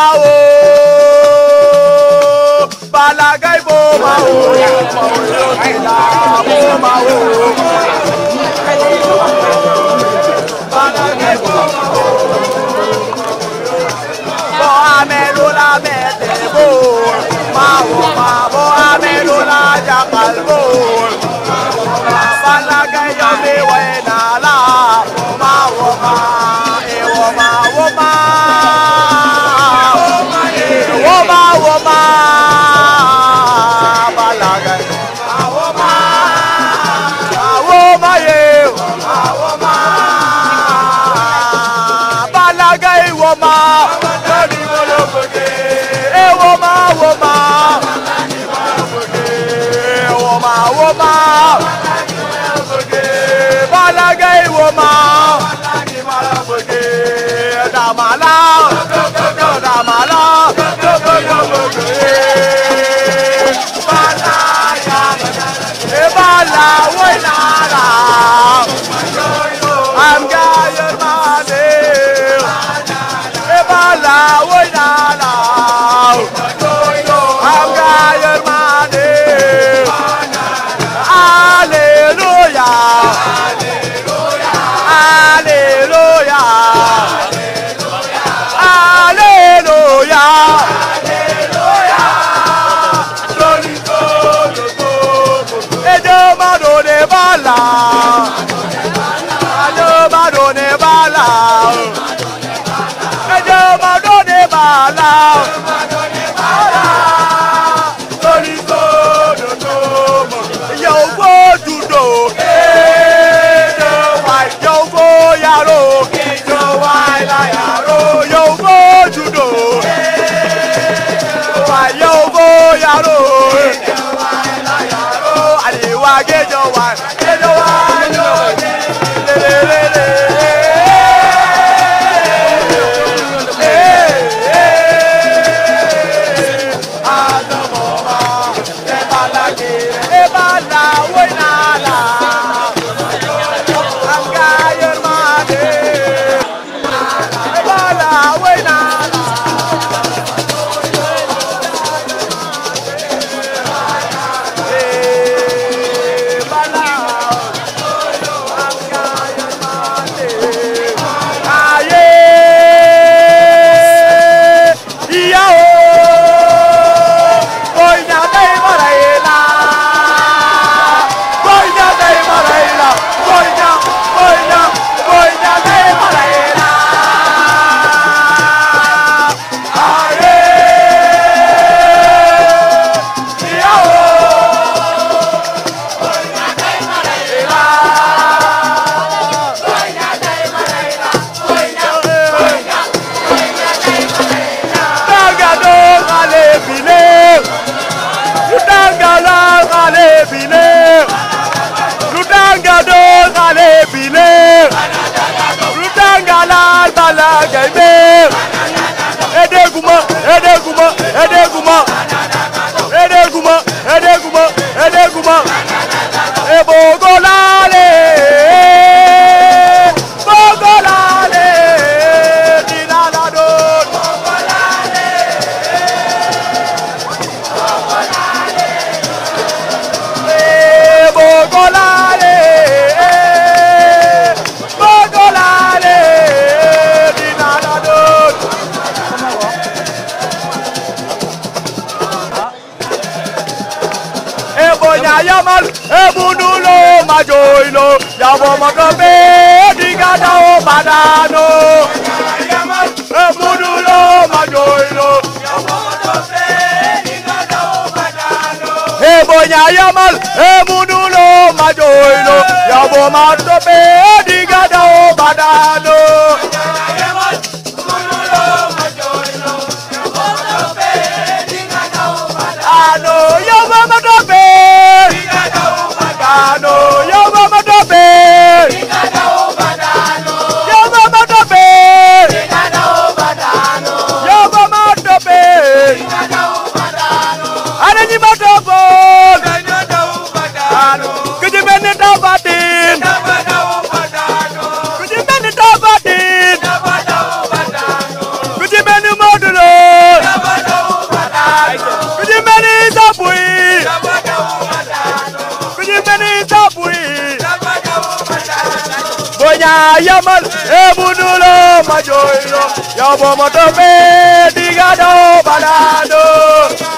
ma o balagay e bo ma balagay bo ma o bo la mete bo ma o ma la japal bo balagay yo e me wa Balla Gaye woo ma dama la bëgg dama la dama la bëgg Balla Karbala Gaye Sénégal ebunulo majoilo yabo modobe digada o badano ebunulo majoilo yabo modobe digada o badano ebonya yamal ebunulo majoilo yabo modobe digada yaa yamal ebunuloo ma jooyloo yow boo ma di nga doo ba daa doo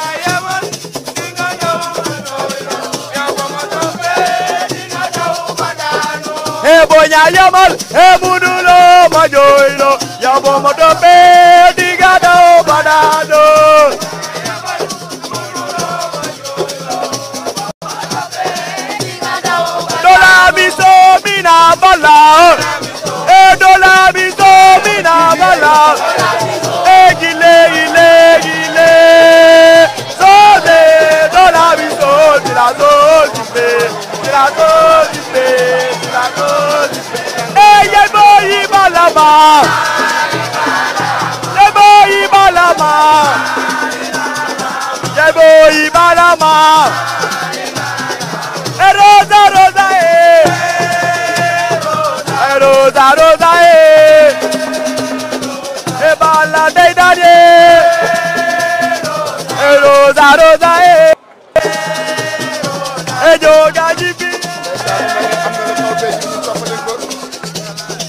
Ebonya yamal ebunuloo ma jooyloo yow boo ma Balama Jeboy Balama E Rosa Rosa e E Rosa Rosa e E Bala dei dadi E Rosa Rosa e E Joga Jibi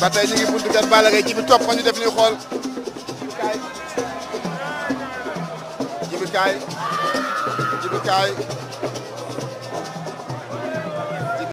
ba tey ñu ngi buntu kër Balla Gaye ji bi topp ñu def ni xool kaay Djibi kaay